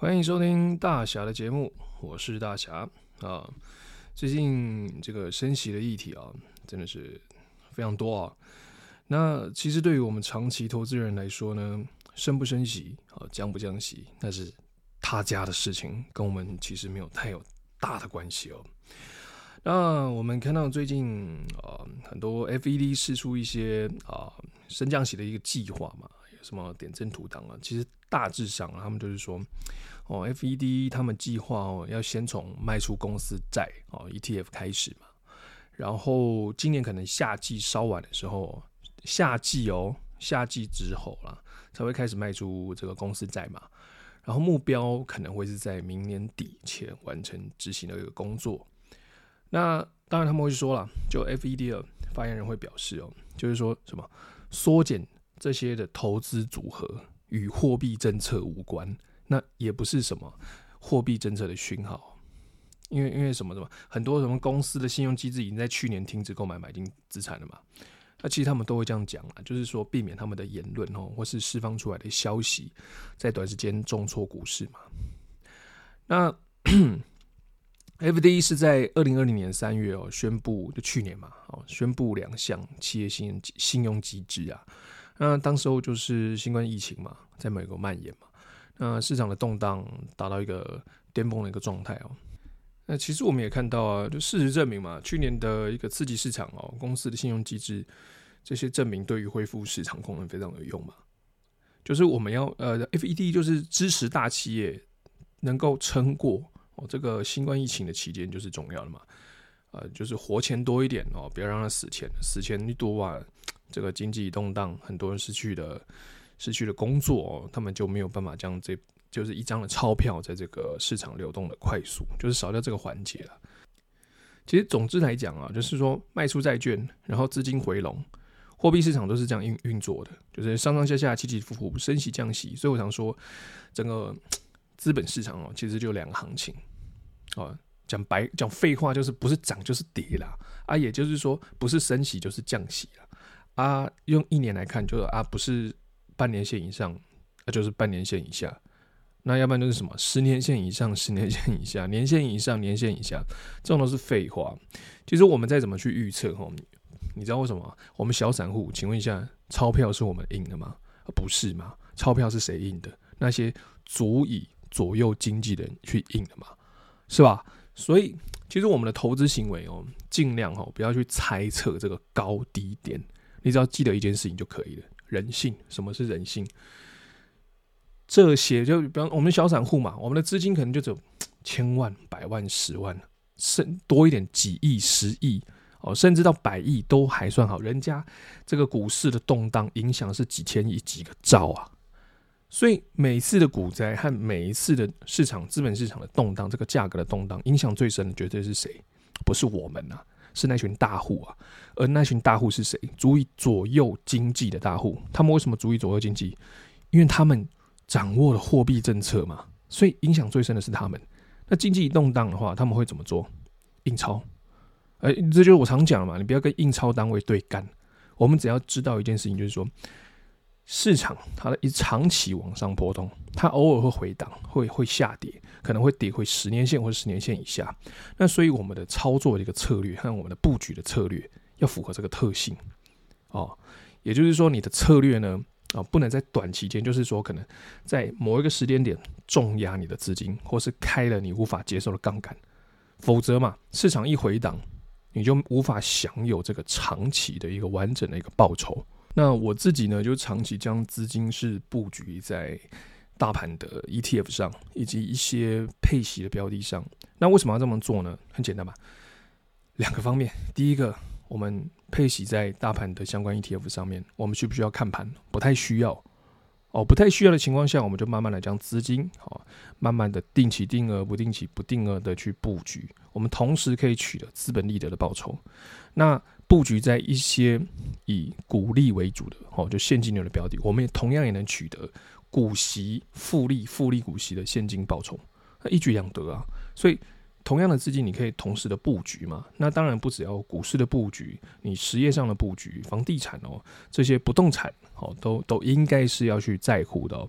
歡迎收聽大俠的節目，我是大俠啊。最近這個升息的議題啊，真的是非常多啊。那其實對於我們長期投資人來說呢，升不升息啊，降不降息，那是他家的事情，跟我們其實沒有太有大的關係哦。那我們看到最近啊，很多 FED 釋出一些啊升降息的一個計劃嘛。什麼點陣圖檔啊，其實大致上，啊，他們就是說，哦，FED 他們計劃哦，要先從賣出公司債哦 ETF 開始嘛，然後今年可能夏季稍晚的時候，夏季哦，夏季之後了才會開始賣出這個公司債嘛，然後目標可能會是在明年底前完成執行的一個工作。那當然，他們會說了，就 FED 的發言人會表示哦，就是說什麼縮減。縮減這些的投資組合與貨幣政策無關，那也不是什麼貨幣政策的訊號，因為因為什麼什麼嘛？很多什麼公司的信用機制已經在去年停止購買買進資產了嘛？那其實他們都會這樣講嘛、啊，就是說避免他們的言論哦、喔，或是釋放出來的消息在短時間重挫股市嘛。那 FD 是在二零二零年三月哦、喔，宣布就去年嘛，哦，宣布兩項企業信信用機制啊。那當時候就是新冠疫情嘛，在美國蔓延嘛，那市場的動盪達到一個巔峰的一個狀態哦。那其實我們也看到啊，就事實證明嘛，去年的一個刺激市場哦、喔，公司的信用機制這些證明對於恢復市場功能非常有用嘛。就是我們要呃，FED 就是支持大企業能夠撐過哦、喔、這個新冠疫情的期間就是重要的嘛。呃，就是活錢多一點哦、喔，不要讓它死錢，死錢一多啊。這個經濟動盪，很多人失去了失去了工作哦，他們就沒有辦法將這就是一張的鈔票在這個市場流動的快速，就是少掉這個環節了。其實，總之來講啊，就是說賣出債券，然後資金回籠，貨幣市場都是這樣運運作的，就是上上下下起起伏伏，升息降息。所以我想說，整個資本市場哦，其實就兩個行情哦、呃，講白講廢話就是不是漲就是跌啦，啊，也就是說不是升息就是降息了。啊，用一年來看，就是啊，不是半年線以上，那、啊、就是半年線以下。那要不然就是什麼十年線以上，十年線以下，年線以上、年線以下，這種都是廢話。其實我們再怎麼去預測，吼，你知道為什麼？我們小散戶，請問一下，鈔票是我們印的嗎？不是嗎？鈔票是誰印的？那些足以左右經濟的人去印的嗎？是吧？所以，其實我們的投資行為哦，儘量哦，不要去猜測這個高低點。你只要記得一件事情就可以了。人性，什麼是人性？這些就比方我們小散戶嘛，我們的資金可能就只有千萬、百萬、十萬，甚多一點幾億、十億，哦，甚至到百億都還算好。人家這個股市的動盪影響是幾千億、幾個兆啊！所以每一次的股災和每一次的市場、資本市場的動盪，這個價格的動盪，影響最深的絕對是誰？不是我們吶、啊。是那群大戶啊，而那群大戶是誰？足以左右經濟的大戶。他們為什麼足以左右經濟？因為他們掌握了貨幣政策嘛。所以影響最深的是他們。那經濟一動盪的話，他們會怎麼做？印鈔。哎、欸，這就是我常講的嘛，你不要跟印鈔單位對幹。我們只要知道一件事情，就是說。市場它的一長期往上波動，它偶爾會回檔，會會下跌，可能會跌回十年線或者十年線以下。那所以我們的操作的一個策略和我們的布局的策略要符合這個特性哦。也就是說你的策略呢啊、哦，不能在短期間，就是說可能在某一個時間點重壓你的資金，或是開了你無法接受的槓桿，否則嘛，市場一回檔，你就無法享有這個長期的一個完整的一個報酬。那我自己呢，就長期將資金是布局在大盤的 ETF 上，以及一些配息的標的上。那為什麼要這麼做呢？很簡單吧，兩個方面。第一個，我們配息在大盤的相關 ETF 上面，我們需不需要看盤？不太需要哦。不太需要的情況下，我們就慢慢來，將資金啊，慢慢的定期定額、不定期不定額的去布局。我們同時可以取得資本利得的報酬。那。布局在一些以股利為主的，哦，就現金流的標的，我們也同樣也能取得股息、複利、複利股息的現金報酬，那一舉兩得啊！所以同樣的資金，你可以同時的布局嘛，那當然不只要股市的布局，你實業上的布局、房地產哦、喔，這些不動產，哦，都都應該是要去在乎的哦、喔。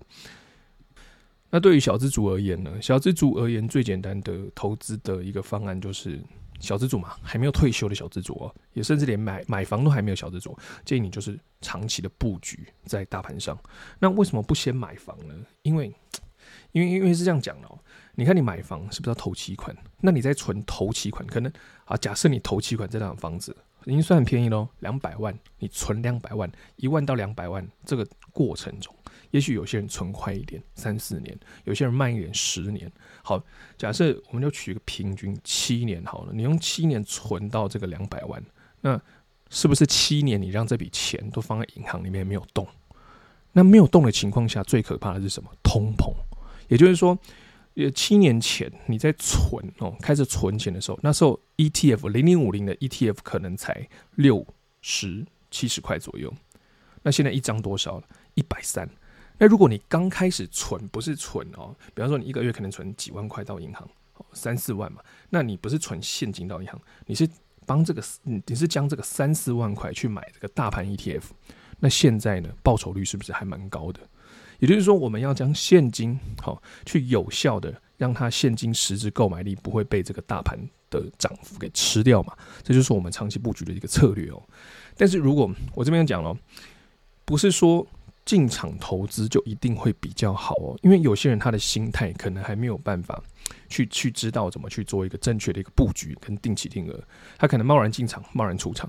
那對於小資族而言呢，小資族而言，最簡單的投資的一個方案就是。小資族嘛，還沒有退休的小資族哦，也甚至連買買房都還沒有小資族，建議你就是長期的布局在大盤上。那為什麼不先買房呢？因為，因為，因為是這樣講的哦。你看你買房是不是要頭期款？那你在存頭期款，可能啊，假設你頭期款這兩房子已經算很便宜咯，兩百萬，你存兩百萬，一萬到兩百萬這個過程中。也許有些人存快一點，三四年；有些人慢一點，十年。好，假設我們就取一個平均七年好了。你用七年存到這個兩百萬，那是不是七年你讓這筆錢都放在銀行裡面沒有動？那沒有動的情況下，最可怕的是什麼？通膨。也就是說，七年前你在存哦，開始存錢的時候，那時候 ETF 零零五零的 ETF 可能才六十、七十塊左右，那現在一張多少？一百三。130。那如果你剛開始存，不是存哦，比方說你一個月可能存幾萬塊到銀行，三四萬嘛，那你不是存現金到銀行，你是幫這個，你，你是將這個三四萬塊去買這個大盤 ETF。那現在呢，報酬率是不是還蠻高的？也就是說，我們要將現金好、哦、去有效的讓它現金實質購買力不會被這個大盤的漲幅給吃掉嘛。這就是我們長期布局的一個策略哦。但是如果我這邊講了、哦，不是說。進場投資就一定會比較好哦，因為有些人他的心態可能還沒有辦法去去知道怎麼去做一個正確的一個布局跟定期定額，他可能貿然進場，貿然出場，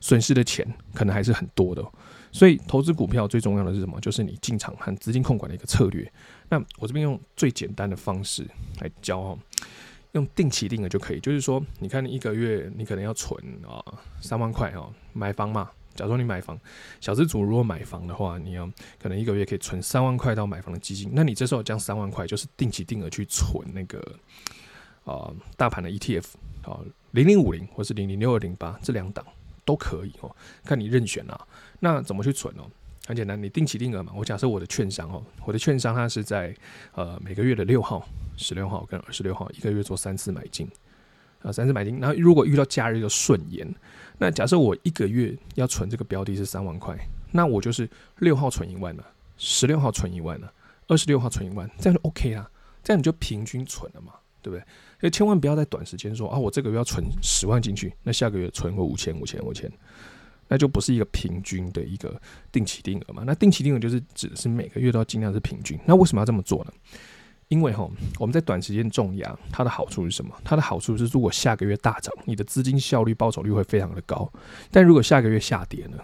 損失的錢可能還是很多的。所以投資股票最重要的是什麼？就是你進場和資金控管的一個策略。那我這邊用最簡單的方式來教哦，用定期定額就可以。就是說，你看一個月你可能要存啊、哦、三萬塊哦，買房嘛。假如你買房，小資族，如果買房的話，你要可能一個月可以存三萬塊到買房的基金。那你這時候將三萬塊就是定期定額去存那個啊、呃、大盤的 ETF，好零零五零或是零零六二零八這兩檔都可以哦，看你任選啊。那怎麼去存哦？很簡單，你定期定額嘛。我假設我的券商哦，我的券商它是在呃每個月的六號、十六號跟二十六號一個月做三次買進。啊，三四百斤，然後如果遇到假日就順延。那假設我一個月要存這個標的是三萬塊，那我就是六號存一萬了，十六號存一萬了，二十六號存一萬，這樣就 OK 啦。這樣你就平均存了嘛，對不對？所以千萬不要在短時間說，啊，我這個月要存十萬進去，那下個月存我五千五千五千，那就不是一個平均的一個定期定額嘛。那定期定額就是指的是每個月都要盡量是平均。那為什麼要這麼做呢？因為哈，我們在短時間重壓，它的好處是什麼？它的好處是，如果下個月大漲，你的資金效率報酬率會非常的高。但如果下個月下跌呢，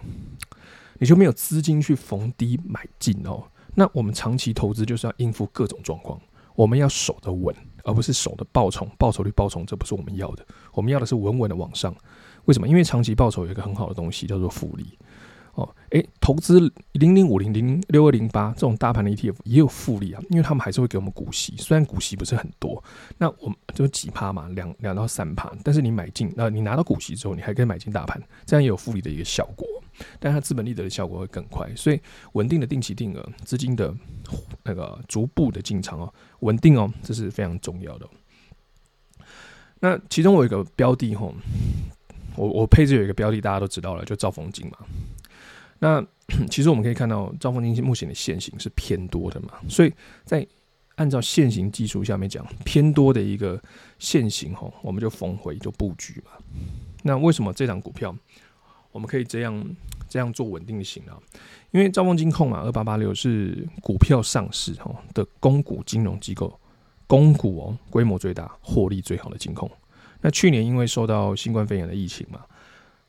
你就沒有資金去逢低買進哦。那我們長期投資就是要應付各種狀況，我們要守得穩，而不是守得暴衝。報酬率暴衝，這不是我們要的。我們要的是穩穩的往上。為什麼？因為長期報酬有一個很好的東西叫做複利。哦，哎、欸，投資零零五零零六二零八這種大盤的 ETF 也有複利啊，因為他們還是會給我們股息，雖然股息不是很多，那我們就幾趴嘛，兩兩到三趴。但是你買進那、呃、你拿到股息之後，你還可以買進大盤，這樣也有複利的一個效果，但是它資本利得的效果會更快，所以穩定的定期定額資金的那個逐步的進場哦，穩定哦，這是非常重要的。那其中我有一個標的吼、哦，我我配置有一個標的，大家都知道了，就兆豐金嘛。那其實我們可以看到，兆豐金目前的線型是偏多的嘛，所以在按照線型技術下面講偏多的一個線型哈，我們就逢回就布局嘛。那為什麼這張股票我們可以這樣這樣做穩定型啊？因為兆豐金控嘛、啊，二八八六是股票上市哈的公股金融機構，公股哦、喔，規模最大、獲利最好的金控。那去年因為受到新冠肺炎的疫情嘛。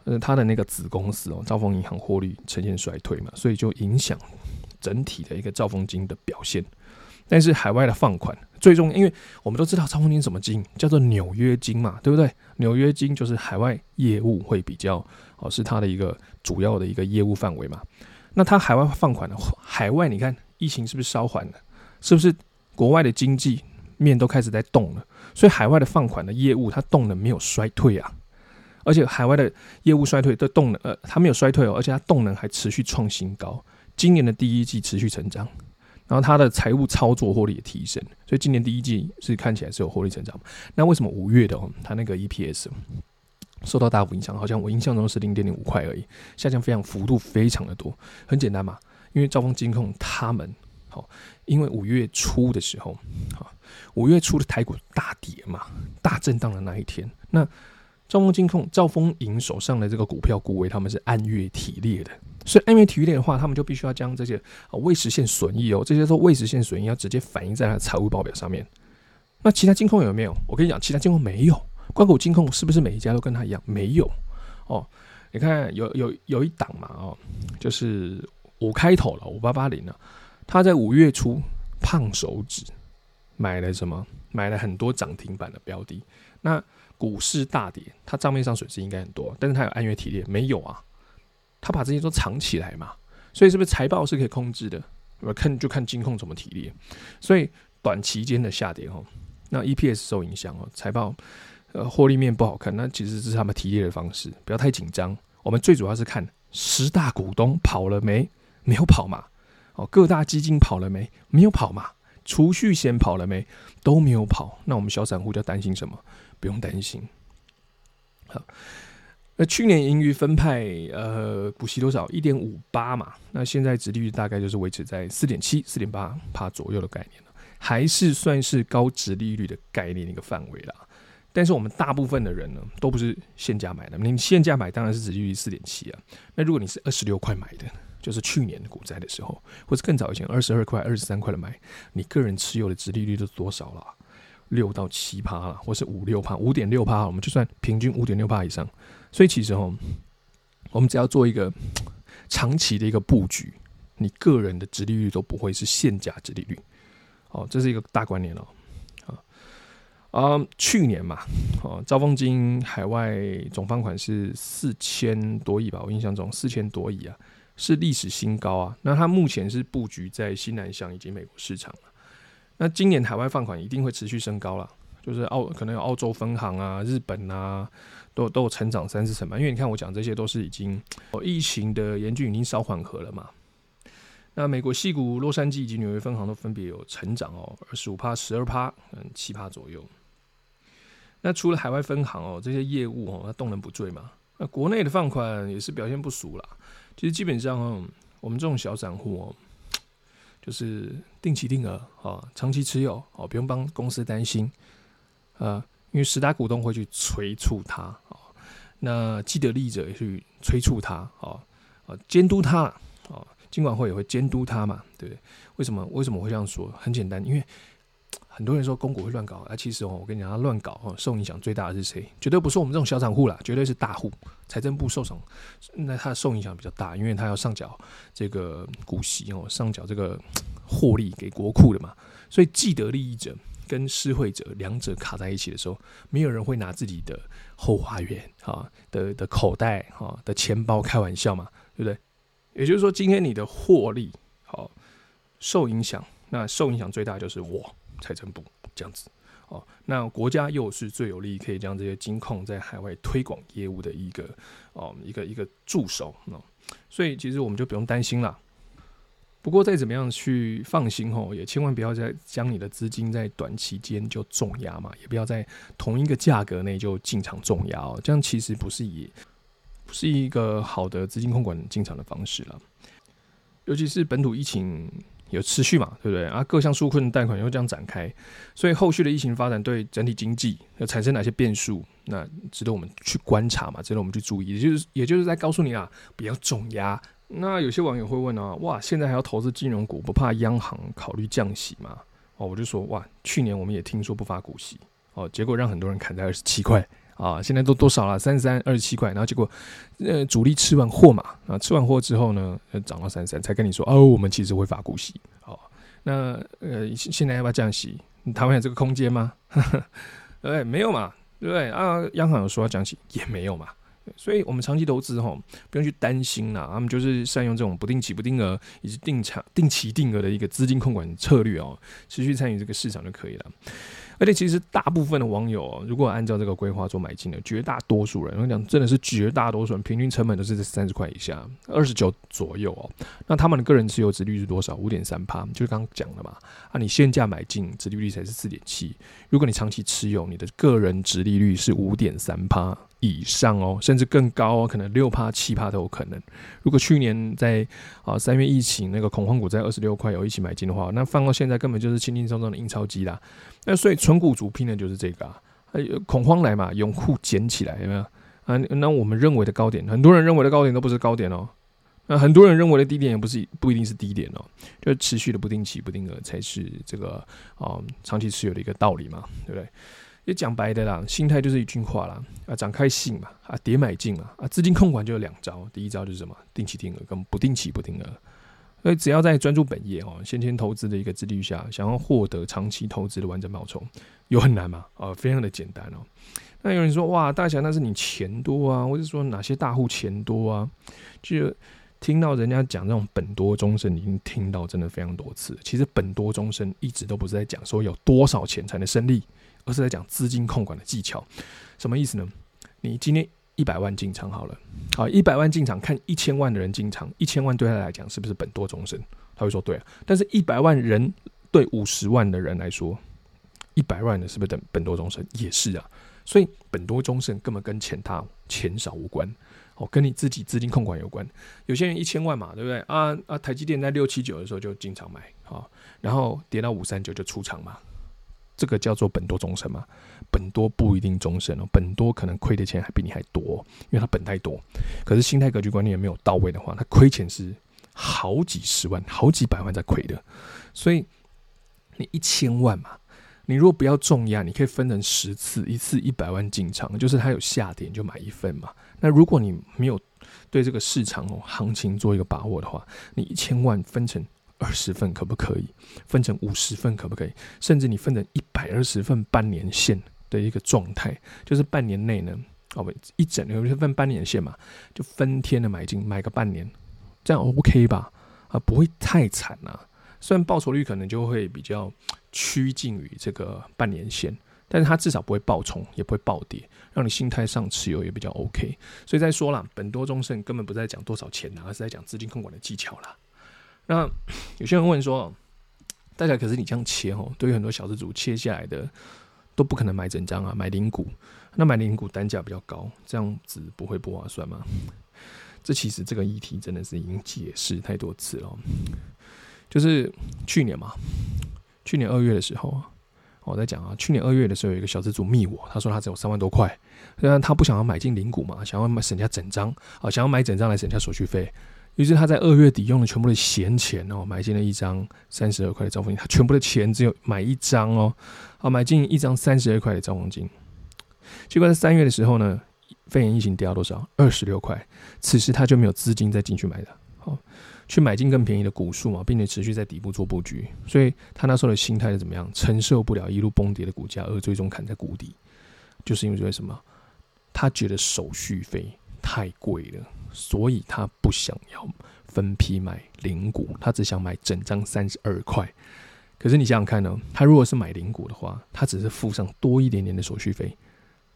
呃，它的那個子公司哦，兆豐銀行獲利呈現衰退嘛，所以就影響整體的一個兆豐金的表現。但是海外的放款最終因為我們都知道兆豐金什麼金，叫做紐約金嘛，對不對？紐約金就是海外業務會比較哦、呃，是它的一個主要的一個業務範圍嘛。那它海外放款的、呃、海外，你看疫情是不是稍緩了？是不是國外的經濟面都開始在動了？所以海外的放款的業務，它動能沒有衰退啊。而且海外的業務衰退的動能，呃，它沒有衰退哦，而且它動能還持續創新高。今年的第一季持續成長，然後它的財務操作獲利也提升，所以今年第一季是看起來是有獲利成長。那為什麼五月的哦，它那個 EPS 受到大幅影響？好像我印象中是零點零五塊而已，下降非常幅度非常的多。很簡單嘛，因為兆豐金控他們好，因為五月初的時候，好，五月初的台股大跌嘛，大震盪的那一天，那。兆豐金控、兆豐銀手上的這個股票部位，他們是按月提列的，所以按月提列的話，他們就必須要將這些、哦、未實現損益哦，這些都未實現損益要直接反映在財務報表上面。那其他金控有沒有？我跟你講，其他金控沒有。各個金控是不是每一家都跟他一樣？沒有哦。你看，有有有一檔嘛哦，就是五開頭了，五八八零了，他在五月初胖手指買了什麼？買了很多漲停板的標的。那股市大跌，它賬面上損失應該很多，但是它有按月提列，沒有啊？它把這些都藏起來嘛，所以是不是財報是可以控制的？我看就看金控怎麼提列，所以短期間的下跌哈、哦，那 EPS 受影響哦，財報呃獲利面不好看，那其實是他們提列的方式，不要太緊張。我們最主要是看十大股東跑了沒？沒有跑嘛？哦，各大基金跑了沒？沒有跑嘛？儲蓄險跑了沒？都沒有跑。那我們小散戶就擔心什麼？不用擔心。好，那去年盈餘分派，呃，股息多少？一點五八嘛。那現在殖利率大概就是維持在四點七、四點八趴左右的概念了，還是算是高殖利率的概念一個範圍啦。但是我們大部分的人呢，都不是現價買的。你現價買當然是殖利率四點七啊。那如果你是二十六塊買的？就是去年的股災的時候，或者更早以前，二十二塊、二十三塊的買，你個人持有的殖利率都多少了、啊？六到七趴了，或是五六趴，五點六趴，我們就算平均五點六趴以上。所以其實哦，我們只要做一個長期的一個布局，你個人的殖利率都不會是現價殖利率。哦，這是一個大觀念哦。啊、嗯，去年嘛，哦，兆豐金海外總放款是四千多億吧？我印象中四千多億啊。是歷史新高啊！那它目前是佈局在新南向以及美國市場、啊、那今年海外放款一定會持續升高了，就是澳可能有澳洲分行啊、日本啊，都有都有成長三四成吧。因為你看我講這些都是已經哦，疫情的嚴峻已經稍緩和了嘛。那美國矽谷洛杉磯以及紐約分行都分別有成長哦、喔，二十五趴、十二趴、嗯，七趴左右。那除了海外分行哦、喔，這些業務哦、喔，它動能不墜嘛。那國內的放款也是表現不俗了。其實基本上，我們這種小散戶、喔，就是定期定額啊，長期持有哦，不用幫公司擔心。因為十大股東會去催促他，那既得利益者也去催促他啊，監督他啊，監管會也會監督他嘛，對不對？為什麼為什麼會這樣說？很簡單，因為。很多人說公股會亂搞、啊、其實哦，我跟你講，他亂搞哦，受影響最大的是誰？絕對不是我們這種小散戶啦，絕對是大戶。財政部受傷，那他的受影響比較大，因為他要上繳這個股息哦，上繳這個獲利給國庫的嘛。所以既得利益者跟施惠者兩者卡在一起的時候，沒有人會拿自己的後花園啊的的口袋啊、啊、的錢包開玩笑嘛，對不對？也就是說，今天你的獲利好、啊、受影響，那受影響最大的就是我。財政部這樣子哦，那國家又是最有利可以將這些金控在海外推廣業務的一個哦，一個一個助手、嗯，所以其實我們就不用擔心啦。不過再怎麼樣去放心哦，也千萬不要再將你的資金在短期間就重壓嘛，也不要在同一個價格內就進場重壓哦，這樣其實不是，也不是一個好的資金控管進場的方式啦，尤其是本土疫情，有持續嘛，對不對啊？各項紓困的貸款又這樣展開，所以後續的疫情發展對整體經濟要產生哪些變數，那值得我們去觀察嘛，值得我們去注意。也就是，也就是在告訴你啊，不要重壓。那有些網友會問啊，哇，現在還要投資金融股，不怕央行考慮降息嗎？哦，我就說哇，去年我們也聽說不發股息哦，結果讓很多人砍在二十七塊。啊，現在都多少了？三十三二十七塊，然後結果，呃，主力吃完貨嘛，啊，吃完貨之後呢，漲到三十三才跟你說，哦，我們其實會發股息，好、哦，那呃，現在要不要降息，你台灣有這個空間嗎？對 不對？沒有嘛，對不對？啊，央行有說要降息也沒有嘛，所以我們長期投資哈，不用去擔心啦，他們就是善用這種不定期、不定額以及定定期、定額的一個資金控管策略哦、喔，持續參與這個市場就可以了。而且其實大部分的網友、喔，如果按照這個規劃做買進的，絕大多數人，我跟你講真的是絕大多數人，平均成本都是在三十塊以下，二十九左右哦、喔。那他們的個人持有殖利率是多少？五點三趴，就是剛剛講的嘛。啊你現價買，你現價買進殖利率才是四點七。如果你長期持有，你的個人殖利率是五點三趴以上哦、喔，甚至更高哦、喔，可能六趴七趴都有可能。如果去年在啊三月疫情那個恐慌股在二十六塊有一起買進的話，那放到現在根本就是輕輕鬆鬆的印鈔機啦。那所以存股族拼的就是這個啊！啊恐慌來嘛，泳褲撿起來有沒有啊？那我們認為的高點，很多人認為的高點都不是高點哦、喔。那、啊、很多人認為的低點也不是不一定是低點哦、喔，就持續的不定期、不定額才是這個啊長期持有的一個道理嘛，對不對？也講白的啦，心態就是一句話啦啊，漲開心嘛，啊，跌買進嘛，啊，資金控管就有兩招，第一招就是什麼，定期定額跟不定期不定額。所以，只要在專注本業哦，先前投資的一個自律下，想要獲得長期投資的完整報酬，有很難嗎？啊、呃，非常的簡單哦、喔。那有人說，哇，大俠那是你錢多啊，或者是說哪些大戶錢多啊？就聽到人家講這種“本多終身”，你已經聽到真的非常多次。其實“本多終身”一直都不是在講說有多少錢才能勝利，而是在講資金控管的技巧。什麼意思呢？你今天。一百萬進場好了，好一百萬進場看一千萬的人進場，一千萬對他來講是不是本多終勝？他會說對啊。但是一百萬人對五十萬的人來說，一百萬的是不是等本多終勝？也是啊。所以本多終勝根本跟錢大、錢少無關，哦，跟你自己資金控管有關。有些人一千萬嘛，對不對？啊啊，台積電在六七九的時候就進場買，好，然後跌到五三九就出場嘛。這個叫做本多終身嘛？本多不一定終身哦，本多可能虧的錢還比你還多，因為它本太多。可是心態格局觀念也沒有到位的話，他虧錢是好幾十萬、好幾百萬在虧的。所以你一千萬嘛，你如果不要重壓，你可以分成十次，一次一百萬進場，就是它有下跌你就買一份嘛。那如果你沒有對這個市場哦行情做一個把握的話，你一千萬分成二十份可不可以？分成五十份可不可以？甚至你分成一百二十份半年線的一個狀態，就是半年內呢，哦，一整有一份半年線嘛，就分天的買進，買個半年，這樣 OK 吧？啊，不會太慘啦，啊，雖然報酬率可能就會比較趨近於這個半年線，但是它至少不會暴衝，也不會暴跌，讓你心態上持有也比較 OK。所以再說啦，本多終勝根本不在講多少錢啦，而是在講資金控管的技巧啦。那有些人問說：“大家可是你這樣切哦，對於很多小資族切下來的都不可能買整張啊，買零股。那買零股單價比較高，這樣子不會不划算嗎？”這其實這個議題真的是已經解釋太多次了。就是去年嘛，去年二月的時候啊，我在講啊，去年二月的時候有一個小資族密我，他說他只有三萬多塊，雖然他不想要買進零股嘛，想要買省下整張啊，想要買整張來省下手續費。於是他在二月底用了全部的閒錢哦、喔，買進了一張三十二塊的兆豐金。他全部的錢只有買一張哦、喔，好買進一張三十二塊的兆豐金。結果在三月的時候呢，肺炎疫情跌到多少？二十六塊。此時他就沒有資金再進去買了，好去買進更便宜的股數嘛，並且持續在底部做布局。所以他那時候的心態是怎麼樣？承受不了一路崩跌的股價，而最終砍在谷底，就是因為什麼？他覺得手續費太貴了。所以他不想要分批買零股，他只想買整張三十二塊。可是你想想看呢，喔，他如果是買零股的話，他只是付上多一點點的手續費，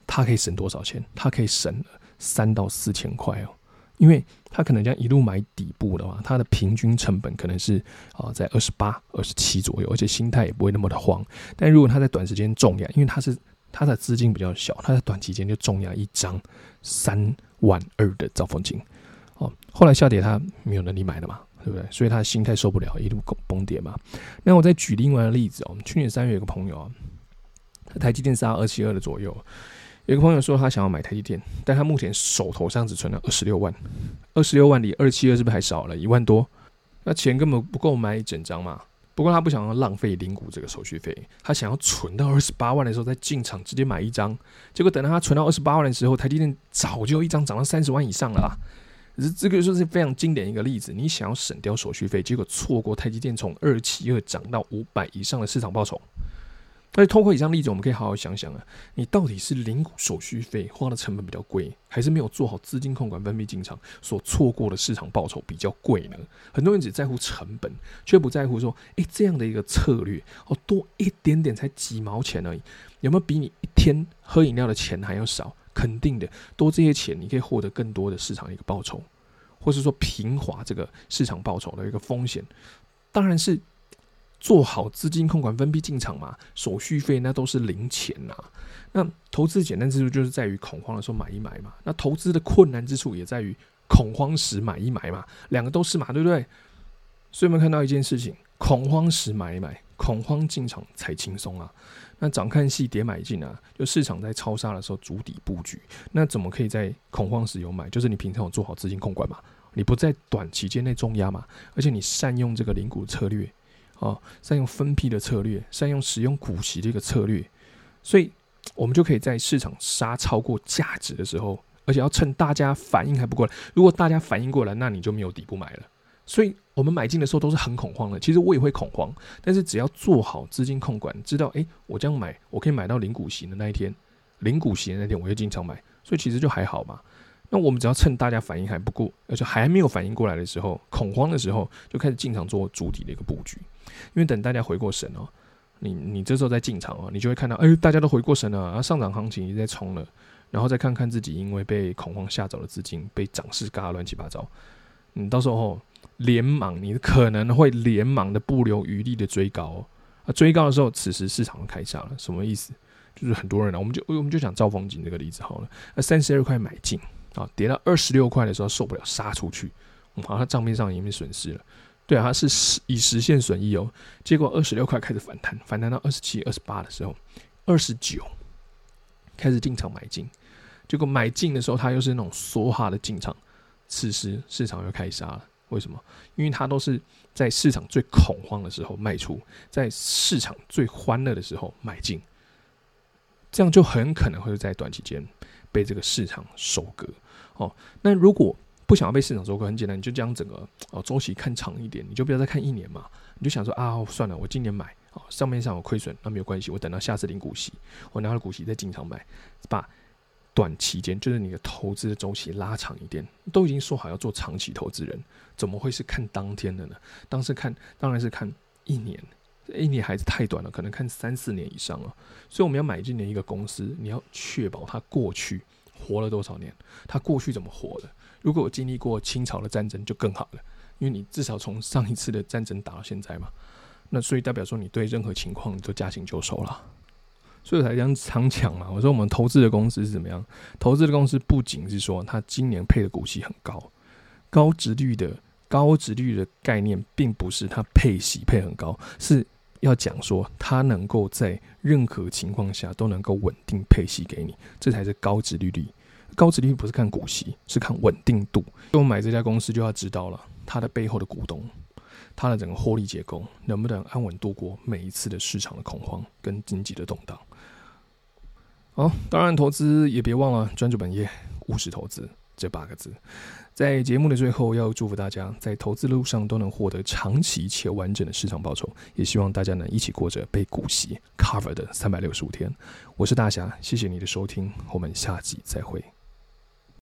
他可以省多少錢？他可以省三到四千塊哦，因為他可能這樣一路買底部的話，他的平均成本可能是啊在二十八、二十七左右，而且心態也不會那麼的慌。但如果他在短時間重壓，因為他是。他的資金比較小，他在短期間就重壓一張三萬二的造風景，哦，後來下跌他沒有能力買了嘛，對不對？所以他的心態受不了，一路崩崩跌嘛。那我再舉另外一個例子哦，我們去年三月有個朋友啊，他台積電是二七二的左右，有個朋友說他想要買台積電，但他目前手頭上只存了二十六萬，二十六萬離二七二是不是還少了一萬多？那錢根本不夠買一整張嘛。不過他不想要浪費零股這個手續費，他想要存到二十八萬的時候再進場直接買一張。結果等到他存到二十八萬的時候，台積電早就有一張漲到三十萬以上了。是這個就是非常經典一個例子。你想要省掉手續費，結果錯過台積電從二七二漲到五百以上的市場報酬。而且透過以上例子，我們可以好好想想啊，你到底是零股手續費花的成本比較貴，還是沒有做好資金控管、分批進場所錯過的市場報酬比較貴呢？很多人只在乎成本，卻不在乎說，哎、欸，這樣的一個策略哦，多一點點才幾毛錢而已，有沒有比你一天喝飲料的錢還要少？肯定的，多這些錢，你可以獲得更多的市場一個報酬，或是說平滑這個市場報酬的一個風險，當然是。做好資金控管，分批進場嘛，手續費那都是零錢吶、啊。那投資簡單之處就是在於恐慌的時候買一買嘛。那投資的困難之處也在於恐慌時買一買嘛。兩個都是嘛，對不對？所以我們看到一件事情：恐慌時買一買，恐慌進場才輕鬆啊。那漲看戲，跌買進啊。就市場在超殺的時候，築底布局。那怎麼可以在恐慌時有買？就是你平常有做好資金控管嘛，你不在短期間內重壓嘛，而且你善用這個零股策略。哦，善用分批的策略，善用使用股息的一個策略，所以我們就可以在市場殺超過價值的時候，而且要趁大家反應還不過來。如果大家反應過來，那你就沒有底部買了。所以我們買進的時候都是很恐慌的，其實我也會恐慌，但是只要做好資金控管，知道誒、欸，我這樣買，我可以買到零股息的那一天，零股息的那天我就經常買，所以其實就還好嘛。那我們只要趁大家反應還不夠，而且還沒有反應過來的時候，恐慌的時候，就開始進場做主體的一個佈局。因為等大家回過神哦、喔，你你這時候再進場哦、喔，你就會看到，哎、欸，大家都回過神了啊，啊上漲行情已經在衝了，然後再看看自己，因為被恐慌嚇走了資金，被漲勢嘎亂七八糟，你到時候、喔、連忙，你可能會連忙的不留餘力的追高、喔、啊，追高的時候，此時市場開炸了，什麼意思？就是很多人啊，我們就我們就講兆豐金這個例子好了，那三十二塊買進。啊，跌到二十六塊的時候受不了，殺出去。好、嗯啊，他賬面上也沒損失了。對啊，他是實已實現損益哦。結果二十六塊開始反彈，反彈到二十七、二十八的時候，二十九開始進場買進。結果買進的時候，他又是那種梭哈的進場。此時市場又開始殺了，為什麼？因為他都是在市場最恐慌的時候賣出，在市場最歡樂的時候買進，這樣就很可能會在短期間。被這個市場收割。哦，那如果不想要被市場收割，很簡單，你就將整個哦週期看長一點，你就不要再看一年嘛，你就想說啊、哦，算了，我今年買，哦，上面上有虧損，那、啊、沒有關係，我等到下次領股息，我拿到股息再進場買，把短期間就是你的投資的週期拉長一點，都已經說好要做長期投資人，怎麼會是看當天的呢？當時看，當然是看一年。一年、欸，還是太短了，可能看三四年以上了。所以我們要買今年一個公司，你要確保它過去活了多少年，它過去怎麼活的。如果我經歷過清朝的戰爭就更好了，因為你至少從上一次的戰爭打到現在嘛，那所以代表說你對任何情況你都駕輕就熟了。所以我才這樣常講嘛，我說我們投資的公司是怎麼樣？投資的公司不僅是說它今年配的股息很高，高殖率的高殖率的概念並不是它配息配很高，是，要講說，它能夠在任何情況下都能夠穩定配息給你，這才是高殖利率，率。高殖利率不是看股息，是看穩定度。所以我買這家公司就要知道了它的背後的股東，它的整個獲利結構能不能安穩度過每一次的市場的恐慌跟經濟的動盪。好，當然投資也別忘了專注本業、務實投資這八個字。在節目的最後，要祝福大家在投資路上都能獲得長期且完整的市場報酬，也希望大家能一起過着被股息 cover 的三百六十五天。我是大俠，謝謝你的收聽，我們下集再會。